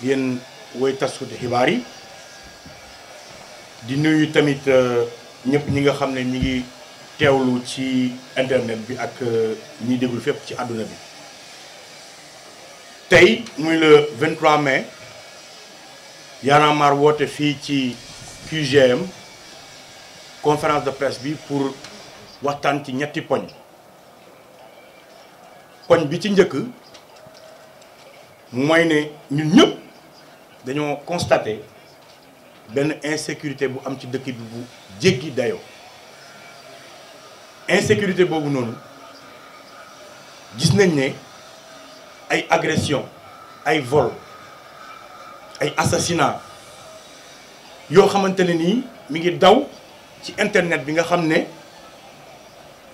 bien woy taskuti xibaar hibari di nuyu tamit euh, ñëpp ñi nga xam ñi ngi teewlu ci internet bi ak euh, ñi déglu fépp ci àdduna bi tay muy le 23 mai yana a marre woote ci QGM conférence de presse bi pour waxtan ci ñetti poñ poñ bi ci ñëk moy né ñun ñëpp dañoo constaté benn insécurité bu am ci dëkk bi bu jéggi dayoo insécurité boobu noonu gis nañ ne ay agression ay vol ay assassinat yoo xamante ne mi ngi daw ci internet bi nga xam ne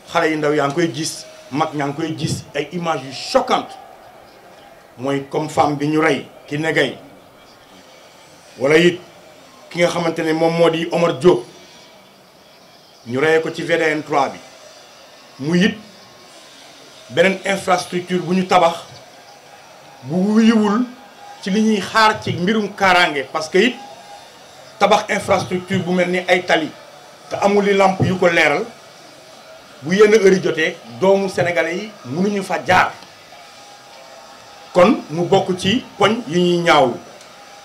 xale yu ndaw yaa koy gis mag ñaa koy gis ay images yu choquantes mooy comme femme bi ñu rey ki negay wala it ki nga xamante ne moom moo di Omar Diop ñu reye ko ci VDN 3 bi mu it beneen infrastructure bu ñu tabax bu wuyuwul ci li ñuy xaar ci mbirum kaaraange parce que it tabax infrastructure bu mel ni ay tali te amul li làmp yu ko leeral bu yenn heure jotee doomu sénégalais yi mënuñu fa jaar kon mu bokk ci poñ yi ñuy ñaawul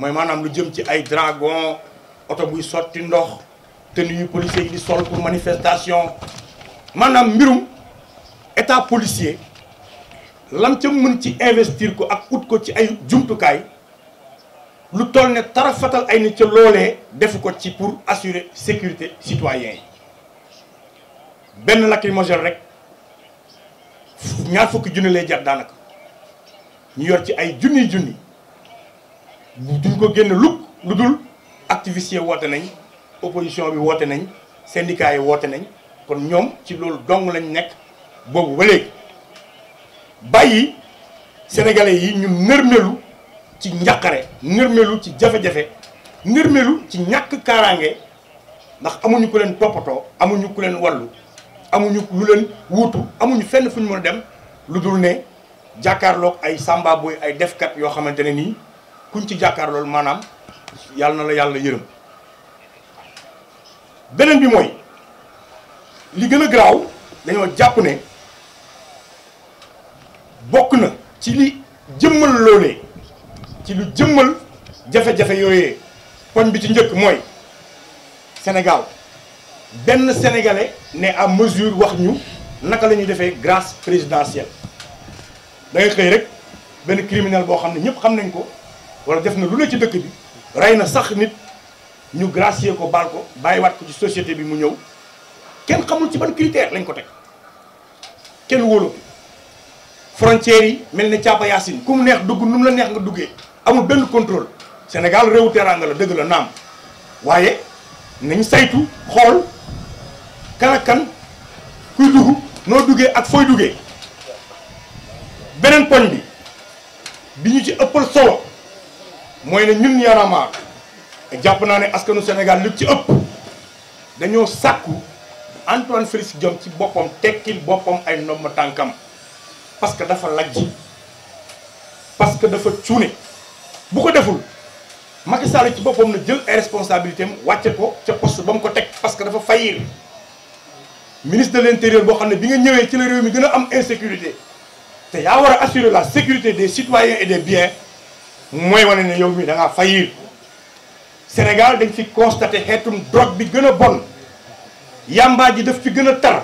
moy manam lu jëm ci ay dragon auto buy sotti ndox tenue yu policier yi pour manifestation manam mbirum état policier lam ci mën ci investir ko ak out ko ci ay kay lu toll ne fatal ay ni ci def ko ci pour assurer sécurité citoyen Ben benn rek ñaar fukki junni lay jar daanaka ñu yor ci ay junni duñ ko génn lukk lu dul activiste woote nañ opposition bi woote nañ syndicat yi woote nañ kon ñoom ci loolu dong lañ nekk boobu ba léegi bàyyi sénégalais yi ñu nërmelu ci njàqare nërmelu ci jafe-jafe nërmelu ci ñàkk kaaraange ndax amuñu ko leen toppatoo amuñu ku leen wallu amuñu lu leen wuutu amuñu fenn fu ñu mën a dem lu dul ne jàkkaarloog ay sàmba boy ay defkat yoo xamante ne nii kuñ ci jàkkaar loolu maanaam yàlla na la yàlla yërëm beneen bi mooy li gën a garaaw dañoo jàpp ne bokk na ci li jëmmal loolee ci lu jëmmal jafe-jafe yooyee poñ bi ci njëkk mooy Sénégal benn sénégalais ne à mesure wax ñu naka la ñuy defee grâce présidentielle da nga xëy rek benn criminel boo xam ne ñëpp xam nañ ko wala def na lu ne ci dëkk bi rey na sax nit ñu gracier ko baal ko bàyyi waat ko ci société bi mu ñëw kenn xamul ci ban critère lañ ko teg kenn wóolu frontières yi mel ni Càppa Yaasin ku mu neex dugg nu mu la neex nga duggee amul benn contrôle Sénégal réewu teraanga la dëgg la naam waaye nañ saytu xool kan kuy dugg noo duggee ak fooy duggee beneen poñ bi bi ñu ci ëppal solo ñun a ne lu ci upp dañoo Antoine Félix diom ci tekil ay tankam parce que dafa parce que dafa bu ko deful Macky ci na jël responsabilité am ko ci poste bam ko tek parce que dafa ministre de l'intérieur bo xamné bi nga ñëwé ci la réew mi am insécurité assurer la sécurité des citoyens et des biens mooy wane ne yow mii da fay faillir Sénégal dañ fi constaté xeetum drogue bi gën a bon yàmbaa ji daf fi gën a tar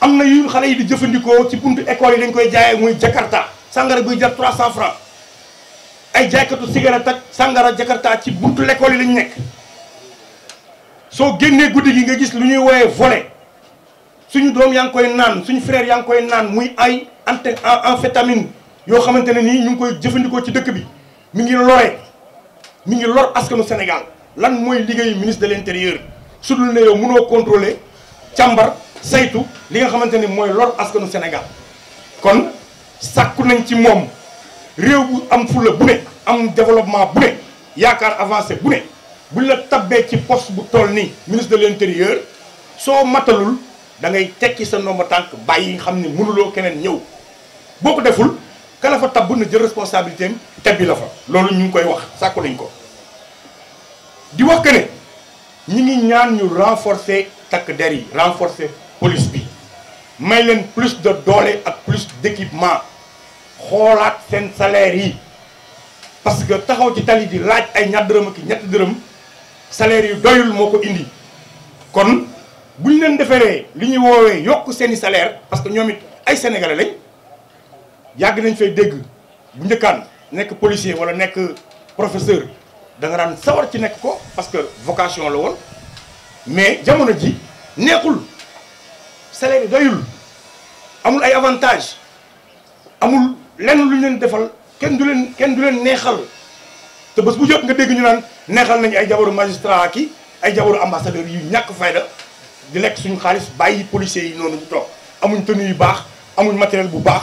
am na yu xale yi di jëfandikoo ci buntu école yi dañ koy jaayee muy Jakarta sangara buy jar 300 francs ay jaaykatu cigarette ak sangara Jakarta ci buntu l'école yi lañu nekk soo génnee guddi gi nga gis lu ñuy woowee volet suñu doom yaa ngi koy naan suñu frère yaa ngi koy naan muy ay ante amphétamine yoo xamante ne nii ñu ngi koy jëfandikoo ci dëkk bi. mi ngi lore mi ngi lor askanu Sénégal lan mooy liggéeyu ministre de l'Intérieur. intérieur le nez au yow mënoo contrôler càmbar saytu li nga xamante ni mooy lor askanu Sénégal kon sàkku nañ ci moom réew bu am fulla bu boulet, am développement bu Yakar avancé bu Boulet buñ la ci poste bu toll ministre de l'Intérieur. So soo matalul da ngay tekki sa nomba tànk bàyyi xam ne mënuloo keneen ñëw boo ko deful kala fa tabb na jël responsabilité am tebbi la fa loolu ñu ngi koy wax sàkku nañ ko di wax que ne ñi ngi ñaan ñu renforcer takk der yi renforcer police bi may leen plus de doole ak plus d'équipement xoolaat seen salaire yi parce que taxaw ci tali di laaj ay ñaar dërëm ak ñetti dërëm salaire yi doyul moo ko indi kon bu ñu leen deferee li ñuy woowee yokk seeni salaire parce que ñoom it ay sénégalais lañ yàgg nañ fay dégg bu njëkkaan nek policier wala nek professeur da nga daan sawar ci nek ko parce que vocation la won mais jamono ji neexul salaire doyul amul ay avantage amul lenn luñu ñu leen defal kenn du leen kenn du leen neexal te bës bu jot nga dégg ñu naan neexal nañ ay jabaru magistrat ki ay jabaru ambassadeur yu ñak fayda di lekk suñu xaliss bayyi policier yi nonu ñu toog amuñ tenue yu baax amuñ matériel bu baax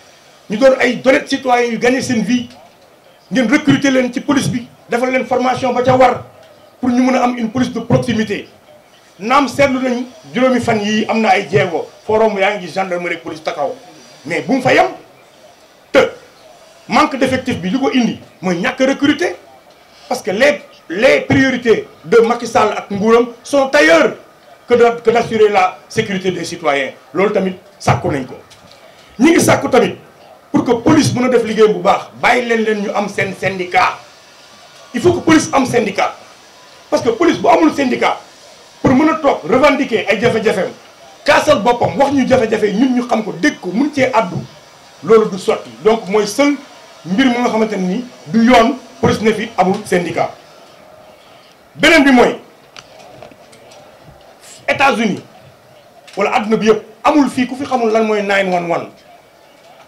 Nous devons ay les citoyens yu gagner leur vie ngeen recruter leen ci police bi defal une formation ba pour ñu une police de proximité Nous sommes nañu juróomi fan yii am na ay jéego forum yaa gendarmerie police takaw mais si mu fa te manque d'effectifs, bi li ko indi a recruter parce que les les priorités de Macky Sall ak nguuram sont ailleurs que d'assurer la sécurité des citoyens loolu tamit que nañ ko ñi ngi pour que la police puisse faire def bu laissez syndicat il faut que police un syndicat parce que la police pas amul syndicat pour mën revendiquer ay jafe-jafeem kaasal wax ñu ñun ñu xam ko dégg ko faire. du donc seul mbir nga du police ne fi amul syndicat beneen bi États-Unis wala àdduna bi 911.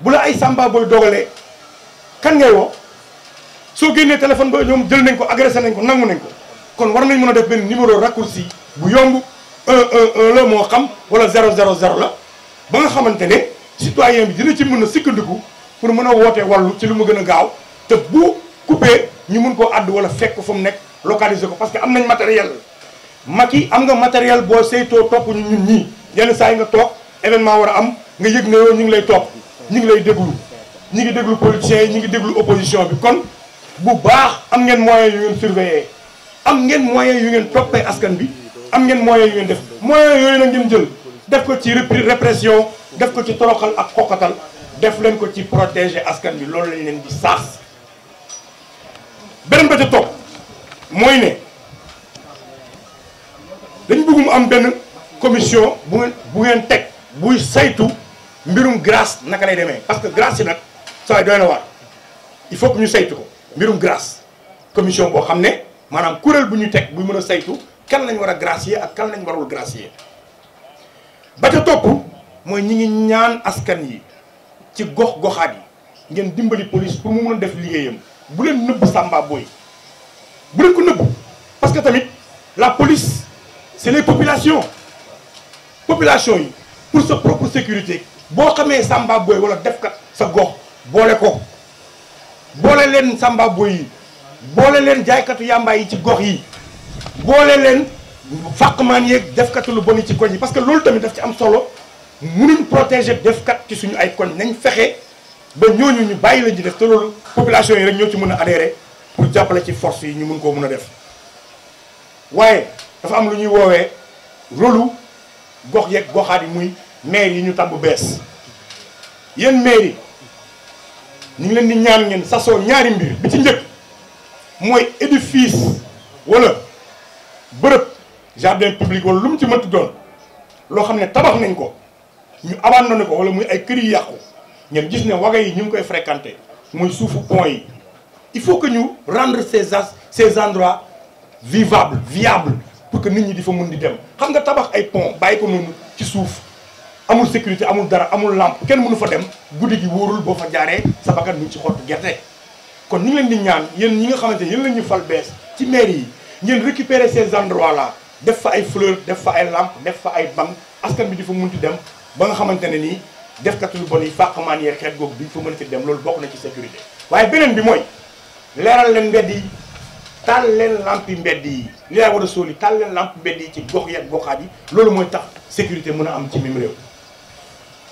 bu la ay samba booy dogalee kan ngay woo soo génnee téléphone ba ñoom jël nañ ko agressé nañ ko nangu nañ ko kon war nañ mën a def benn numéro si bu yomb 111 la moo xam wala 000 la ba nga xamante ne citoyen bi dina ci mën a sikkandiku pour mën a woote wallu ci lu mu gën a gaaw te bu coupé ñu mun koo àdd wala fekk fa mu nekk localiser ko parce que am nañ matériel mat yi am nga matériel boo seytoo topp ñu ñun ñii yenn saa yi nga toog événement war a am nga yëg ne ñu ngi lay topp ñu ngi lay déglu ñu ngi déglu politiciens yi ñu ngi déglu opposition bi kon bu baax am ngeen moyen yu ngeen surveiller am ngeen moyen yu ngeen toppee askan bi am ngeen moyen yu ngeen def moyen yooyu na ngeen jël def ko ci répression def ko ci toroxal ak xoqatal def leen ko ci protéger askan bi loolu lañ leen di saas beneen ba ca topp mooy ne dañ bëggum am benn commission bu ngeen bu ngeen teg buy saytu mbirum grâce naka lay parce que grâce ça il faut que ñu saytu ko mbirum grâce commission bo xamné nous kurel bu ñu bu saytu kan lañ wara gracier ak kan lañ warul gracier ba ca moy ñi ngi ñaan askan yi ci police pour mu def bu Samba Boy bu parce que la police c'est les populations population pour sa propre sécurité boo xamee samba boy wala def sa gox boole ko boole leen samba boy yi boole leen jaaykatu yàmbaay yi ci gox yi boole leen fàqmaan yeeg defkatu lu bon yi ci koñ yi parce que loolu tamit daf ci am solo mu munuñ protéger defkat ci suñu ay koñ nañ fexe ba ñooñu ñu bàyyi lañ ci def te loolu population yi rek ñoo ci mën a adhérer pour jàppale ci force yi ñu mun koo mun a def waaye dafa am lu ñuy woowee rôlu gox yeeg goxaat yi muy mais ñu tàmbu bes yeen mairie ñu leen di ñaan ngeen sasso ñaari mbir bi édifice wala jardin public wala lu ci sont doon lo xamné tabax nañ ko ñu abandonné ko wala muy ay kër yi gis ne waga yi ñu koy il faut que nous rendre ces ces endroits vivables viables pour que nit ñi di fa di dem xam nga tabax ay pont amul sécurité amul dara amul làmp kenn mënu fa dem guddi gi wóorul boo fa jaaree sa bakkan mu ngi ci xottu gerte kon ñu leen di ñaan yéen ñi nga xamante ne yéen la ñu fal bees ci mairie yi ngeen récupérer ces endroits là def fa ay fleur def fa ay làmp def fa ay banc askan bi di fa mun munti dem ba nga xamante ne nii defkatu lu bon yi fàqmaan yee xeet googu bi fa mën a fi dem loolu bokk na ci sécurité waaye beneen bi mooy leeral leen mbedd yi taal leen lampi mbedd yi li laa war a sóol yi leen lampi mbedd yi ci gox yeeg goxaat yi loolu mooy tax sécurité mën a am ci mim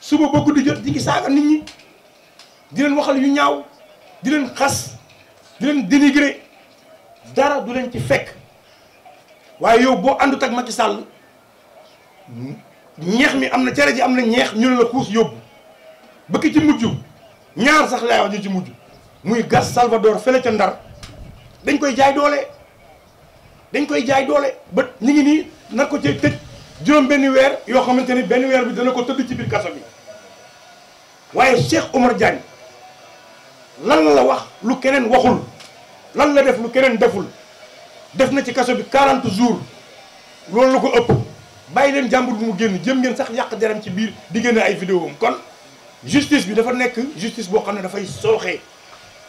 suba bëgg di jot di ngi saaga nit ñi di leen waxal yu ñaaw di leen xas di leen dénigré dara du leen ci fekk waaye yow boo àndut ak ci sàll ñeex mi am na cere ji am na ñeex ñu ne la xuus yóbbu bëkk ci mujj ñaar sax laay wax ñu ci mujj muy gas Salvador fële ca Ndar dañ koy jaay doole dañ koy jaay doole ba ñu ngi nii nar ko cee tëj juróom benn weer yoo xamante ni benn weer bi dana ko tëdd ci biir kaso yi waaye Cheikh Omar Diagne lan la wax lu keneen waxul lan la def lu keneen deful def na ci kaso bi 40 jours loolu la ko ëpp bàyyi leen jàmbur bi mu génn jëm ngeen sax yàq deram ci biir di génne ay vidéo am kon justice bi dafa nekk justice boo xam ne dafay sooxee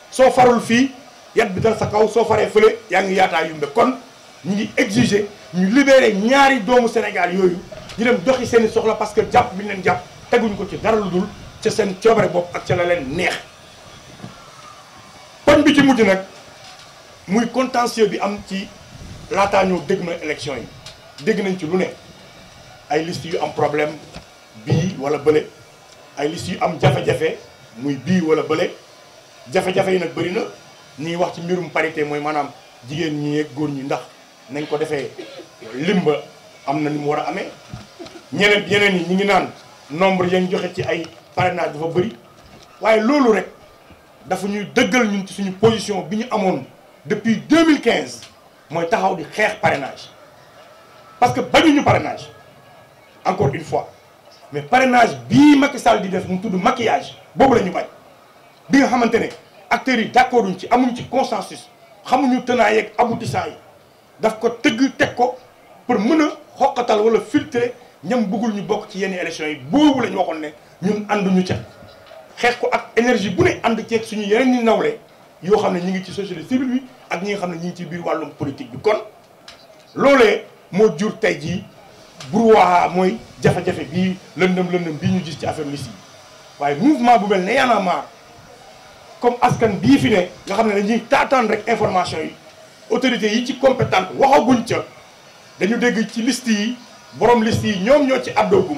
soo farul fii yat bi dal sa kaw soo faree fële yaa ngi yaataa yumbe kon ñu ngi exiger ñu libéré ñaari doomu Sénégal yooyu ñu dem doxi seeni soxla parce que jàpp bi leen jàpp teguñ ko ci dara lu ca seen coobare bopp ak ca la leen neex poñ bi ci mujj nag muy contentieux bi am ci laataa ñoo dégg na élection yi dégg nañ ci lu ne ay liste yu am problème bii wala bële ay liste yu am jafe-jafe muy bii wala bële jafe-jafe yi nag bëri na ñuy wax ci mbirum parité mooy maanaam jigéen ñi ak góor ñi ndax nañ ko defee limba am na ni mu war a amee ñeneen yeneen yi ñu ngi naan nombre yañ joxe ci ay parrainage dafa bëri waaye rek dafa position depuis 2015 mooy taxaw di xeex parrainage parce que ñu parrainage encore une fois mais parrainage bii Macky Sall di def maquillage boobu la ñu bi nga d'accord fait. ci amuñ ci consensus xamuñu fait. yeeg yi daf ko fait pour wala filtrer ñam bëggul ñu ci élections yi ñun ànduñu ca xeex ko ak énergie bu ne ànd ceeg suñu yeneen ñi nawle yoo xam ne ñu ngi ci société civile bi ak ñi xam ne ñu ngi ci biir wàllum politique bi kon loole moo jur tey jii brouhaha mooy jafe-jafe bii lëndëm lëndëm bii ñu gis ci affaire liste yi waaye mouvement bu mel ne Y'en a marre comme askan bii fi ne nga xam ne dañuy taataan rek information yi autorités yi ci compétente waxaguñ ca dañu dégg ci liste yi borom liste yi ñoom ñoo ci àddoogum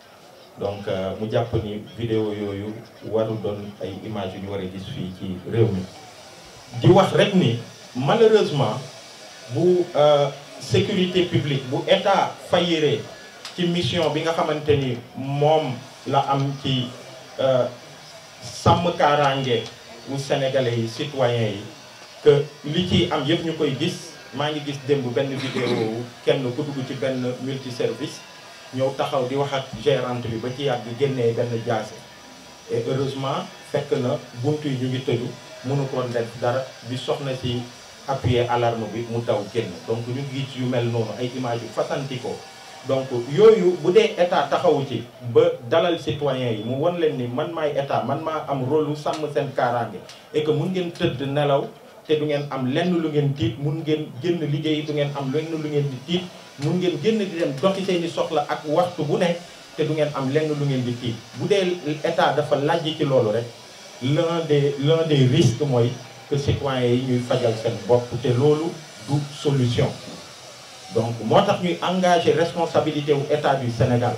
donc euh, mu japp ni vidéo yoyu waru don ay image ñu wara gis fi ci réew mi di wax rek ni malheureusement bu euh, sécurité publique bu état fayiree ci mission bi nga xamanteni mom la am ci euh sam karangé wu sénégalais yi citoyens yi que li ci am yëpp ñukoy gis ma ngi gis démb ben vidéo kenn ku dugg ci ben multi service ñëw taxaw di wax ak gérante bi ba ci yàgg génnee benn jaase et heureusement fekk na buntu yi ñu ngi tëju mënu ko def dara bi soxna si appuyer alarme bi mu daw génn donc ñu gis yu mel noonu ay image yu fasanti donc yooyu bu dee état taxawu ci ba dalal citoyens yi mu won leen ni man maay état man maa am rôle lu sàmm seen kaaraange et mun ngeen tëdd nelaw te du ngeen am lenn lu ngeen tiit mun ngeen génn liggéey du ngeen am lenn lu ngeen di tiit mun ngeen génn di dem doxi seeni soxla ak waxtu bu ne te du ngeen am lenn lu ngeen di kii bu dee état dafa lajj ci loolu rek l'un des l'un des risques mooy que citoyens yi ñuy fajal seen bopp te loolu du solution donc moo tax ñuy engagé responsabilité wu état du Sénégal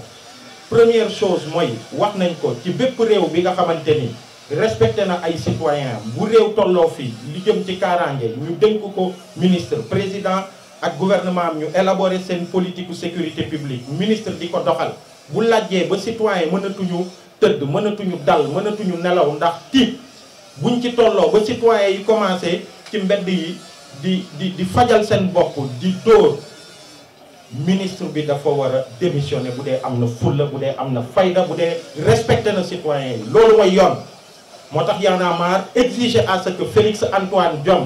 première chose mooy wax nañ ko ci bépp réew bi nga xamante ni respecté na ay citoyens bu réew tolloo fii li jëm ci kaaraange ñu dénk ko ministre président le gouvernement a élaboré une politique de sécurité publique ministre diko doxal bu lajjee ba citoyen teud dal nelaw ndax ti buñ ci ba citoyen commencé ci mbedd yi di di ministre bi dafa wara démissionner Il dee respecter les fulla fayda exiger à ce que Félix Antoine Djom.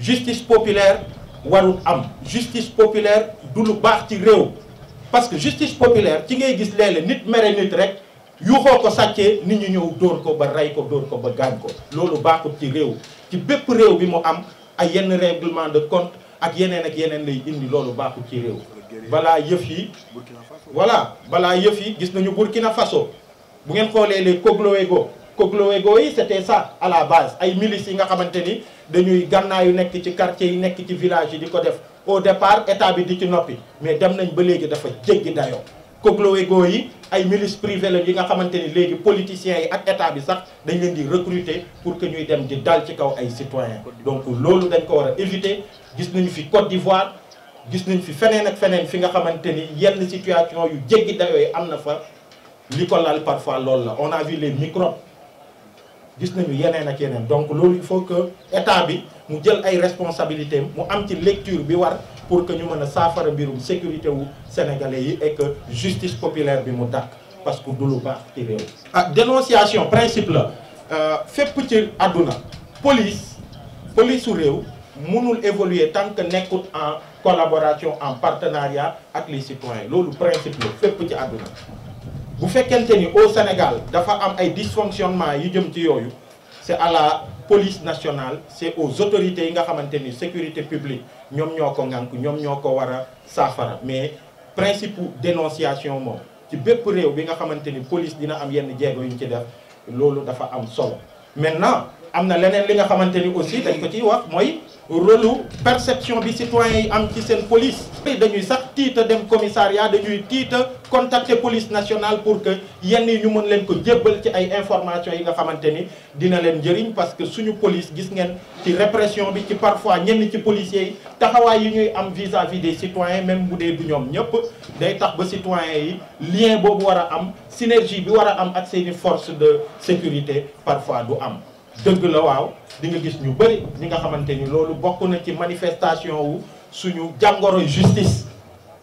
justice populaire warul am justice populaire du lu bax ci réew parce que justice populaire ci ngay gis lélé nit mere nit rek yuuxoo ko sàccee nit ñu ñëw dóor ko ba ray ko dóor ko ba gaañ ko lolu baxu ci réew ci bép réew bi mu am ay yenn règlement de compte ak yenen ak yenen lay indi lolu baxu ci réew balaa yëf yi voilà balaa yëf yi gis nañu Burkina Faso bu ngeen xolé les Koglowego Koglowego yi c'était ça à la base ay milices yi nga xamanteni dañuy yu nekk ci quartier yi nekk ci village yi di ko def au départ état bi di ci noppi mais dem nañ ba léegi dafa jéggi dayoo coglowego yi ay milices privées la yi nga xamante ni léegi politiciens yi ak état bi sax dañ leen di recruter pour que ñuy dem di dal ci kaw ay citoyens donc loolu dañ ko war a éviter gis nañu fi Côte d'Ivoire gis nañ fi feneen ak feneen fi nga xamante ni yenn situation yu jéggi dayo yi am na fa li ko lal parfois loolu la on a vu les microbes donc il faut que état bi mu jël ay responsabilités mu am lecture pour que nous mën faire saafara sécurité wu sénégalais et que justice populaire soit mu parce que du lu baax ah, dénonciation principe la euh, fépp ci àdduna police police su réew mënul évoluer tant que nekkut en collaboration en partenariat avec les citoyens le principe la ci bu fekkente ni au Sénégal dafa am ay dysfonctionnement yu jëm ci yooyu c'est à la police nationale c'est aux autorités yi nga xamante sécurité publique ñoom ñoo ko ŋànk ñoom ñoo ko mais principaux dénonciation qui ci bépp réew bi nga xamante police dina am yenn jéego yuñ ci def en dafa am solo maintenant am na leneen li nga aussi dañ ko ciy wax mooy rôle perception bi citoyen yi am ci seen police dañuy ça titre dem commissariat dañuy titre contacter police nationale pour que yenn ñu mën leen ko djébal ci ay information yi nga xamanteni dina leen jëriñ parce que suñu police gis ngeen ci répression bi ci parfois ñenn ci policiers yi yi ñuy am vis-à-vis des citoyens même bu dee du ñom ñëpp day tax ba citoyens yi lien bobu wara am synergie bi wara am ak seeni force de sécurité parfois du am deug la waw di nga gis ñu bari ñi nga xamanteni lolu bokku na ci manifestation wu suñu jangoro justice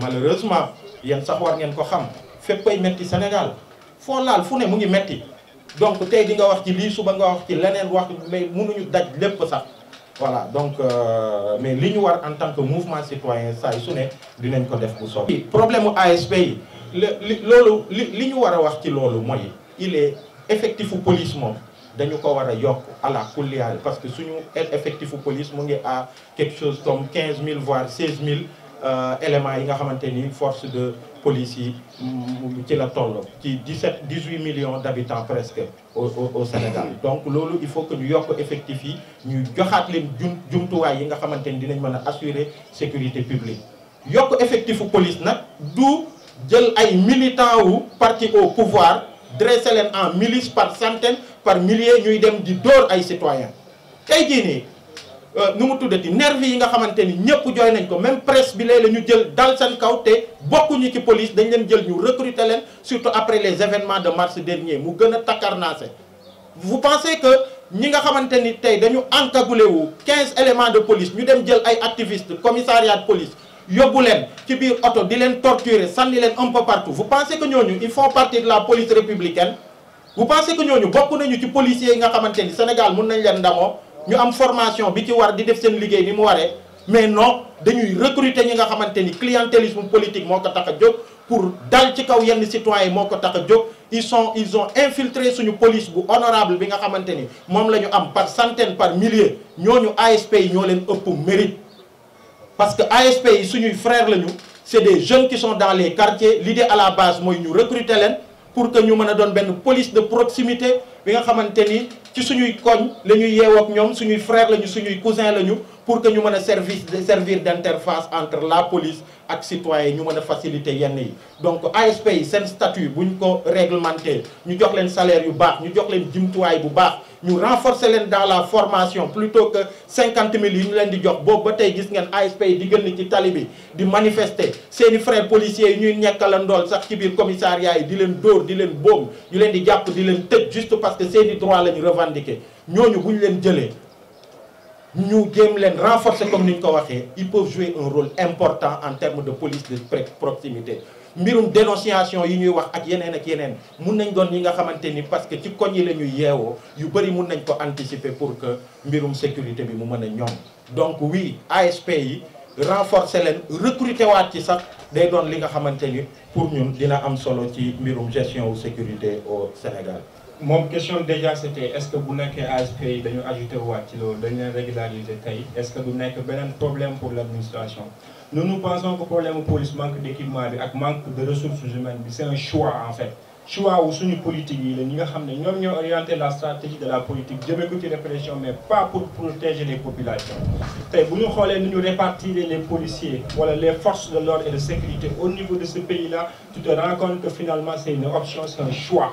malheureusement yéen sax war ngeen ko xam féppay metti Sénégal fo laal fu ne mu ngi metti donc tey di nga wax ci lii suba nga wax ci leneen wax mais mënuñu daj lepp sax voilà donc euh, mais li ñu war en tant que mouvement citoyen saay su ne dinañ ko def bu soobee. problème mu ASP yi li loolu li ñu war a wax ci loolu mooy il est effectif u police moom dañu ko war a yokk à la kulliyaal parce que suñu effectif u police mu ngi à quelque chose comme 15000 voire 16000. Euh, élément yi nga force de police qui la 17 18 millions d'habitants presque au Sénégal donc il faut que nous yokk effectif yi ñu joxaat leen yi nga dinañ assurer sécurité publique yokk effectif police nak du jël ay militants qui parti au pouvoir dressé en milice par centaines, par milliers ñuy dem di à ay citoyens tey euh, nous mu tuddati nervi yi nga xamante ni ñëpp jooy nañ ko même presse bi léeg la ñu jël dal seen kaw te ci police dañ leen jël ñu recruter leen surtout après les événements de mars dernier mu gën a vous pensez que ñi nga xamante ni tey dañu encagoulé wu 15 éléments de police ñu dem jël ay activistes commissariat de police yóbbu leen ci biir oto di leen torturer sànni leen un peu partout vous pensez que nous ils font partie de la police républicaine vous pensez que nous beaucoup nañu ci policiers yi nga xamante ni Sénégal nous nañ leen ndamoo ñu am formation bi ci war di def seen liggéey ni mu waree mais non dañuy recruter ñi nga xamante clientélisme politique moo ko pour dal ci kaw yenn citoyens yi moo ils sont ils ont infiltré suñu police bu honorable bi nga xamante ni moom la am par centaine par milliers ñooñu ASP yi ñoo leen ëpp mérite parce que ASP yi suñuy frères lañu c'est des jeunes qui sont dans les quartiers l'idée à la base mooy ñu recruter leen pour que ñu mën a doon police de proximité bi nga xamante ci suñuy koñ la ñuy yeewoo ak ñoom suñuy frère lañu suñuy cousin lañu pour que ñu mën a servir d'interface entre la police ak citoyen ñu mëna donc ASP sen statut buñ ko réglementé ñu jox leen salaire yu baax ñu jox leen bu renforcer dans la formation plutôt que 50 000 ñu leen di jox ba gis ngeen ASP ci tali bi di manifester frères policiers sax ci commissariat yi di leen dóor di leen boom ñu leen di di juste parce que droit la ñu nous les renforçons renforcer comme nous ils peuvent jouer un rôle important en termes de police de proximité Nous dénonciation yi ñuy wax ak parce que tu sont anticiper pour que mbirum sécurité bi mu donc oui ASPI yi renforcer recruter pour ñun nous am solo gestion sécurité au Sénégal mon question déjà c'était est-ce que vous n'avez ASP un pays d'ajouter est-ce que vous n'avez un problème pour l'administration nous nous pensons que le problème police manque d'équipement et manque de ressources humaines c'est un choix en fait choix où une politique Nous, la orienté la stratégie de la politique de ko les répression mais pas pour protéger les populations Vous nous voulez nous répartir les policiers les forces de l'ordre et de sécurité au niveau de ce pays là tu te rends compte que finalement c'est une option c'est un choix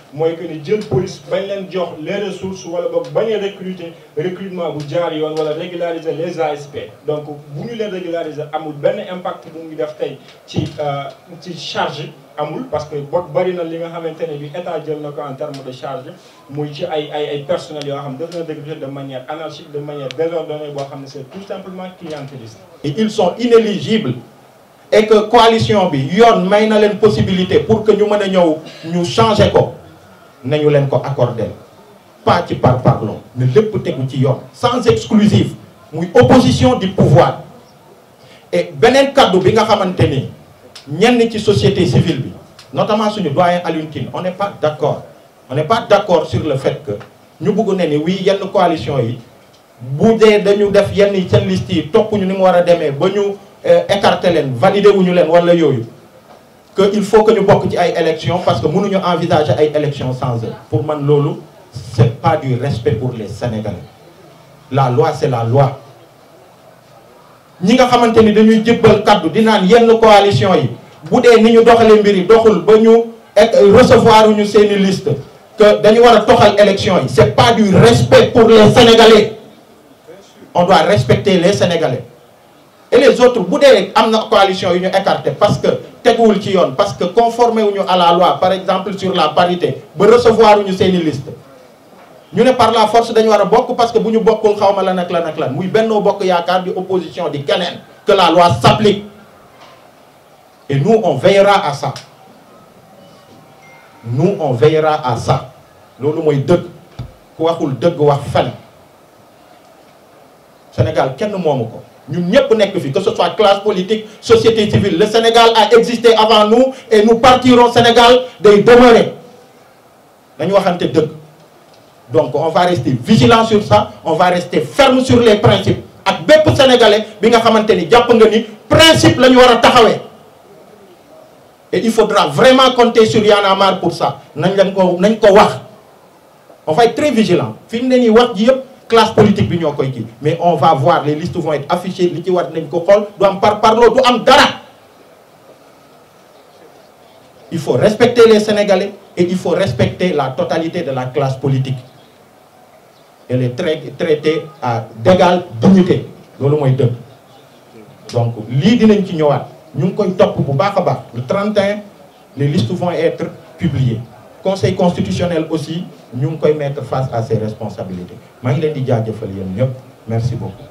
moy que ni jël police bañ leen jox les ressources wala boog bañ a recruter recrutement bu jaar yoon wala régulariser les ASP donc bu ñu leen régulariser amul benn impact bu ngi def tey ci euh, ci charge amul parce que boo bari na li nga xamantene bi état jël na ko en terme de charge muy ci ay ay ay personnels xam daf na de manière anarchique de manière désordonnée bo xamné c'est tout simplement clientéliste et ils sont inéligibles et que coalition bi yone may na leen possibilité pour que ñu mën ñëw ñu changer ko nous leen accordé pas par parlon ne lepp sans exclusive muy opposition du pouvoir et beneen bi nga ñenn société civile bi notamment suñu doyen on n'est pas d'accord on n'est pas d'accord sur le fait que nous bëggu ne ni yenn coalition yi bu dé dañu def yenn ci liste yi nous ñu ni mu wara démé ba ñu euh, écarter leen qu'il faut que nous bokk ci ay élections parce que mënuñu envisager ay élections sans eux pour man loolu c'est pas du respect pour les Sénégalais la loi c'est la loi ñi nga xamanteni dañuy jébbal kaddu di naan yenn coalition yi bu dee ni ñu doxalee mbir yi doxul ba ñu recevoir ñu seeni liste que dañuy wara a toxal élection yi c'est pas du respect pour les Sénégalais on doit respecter les Sénégalais et les autres Vous devez amener coalition une ñu parce que parce que conformé à la loi par exemple sur la parité ba recevoir une liste Nous ne par la force de nous parce que nous bokkul xawma la Nous, lan nak muy opposition di que la loi s'applique et nous on veillera à ça nous on veillera à ça lolu nous deug ku waxul deug wax fan Sénégal kenn nous que ce soit classe politique, société civile. Le Sénégal a existé avant nous et nous partirons Sénégal de demeurer. Donc on va rester vigilant sur ça, on va rester ferme sur les principes. Avec les Sénégalais, bi nga xamanteni japp nga ni principe lañu wara Et il faudra vraiment compter sur Yann Amar pour ça. Nañ ko nañ ko wax. On va être très vigilant. Fi ñu wax classe politique mais on va voir les listes vont être affichées li ci war nañ ko parler. du am il faut respecter les Sénégalais et il faut respecter la totalité de la classe politique Elle est très traitée à d'égale dignité le moins donc lii dinañ ci ñëwaat ñu ngi le 31 les listes vont être publiées conseil constitutionnel aussi nous pouvons mettre face à ses responsabilités merci beaucoup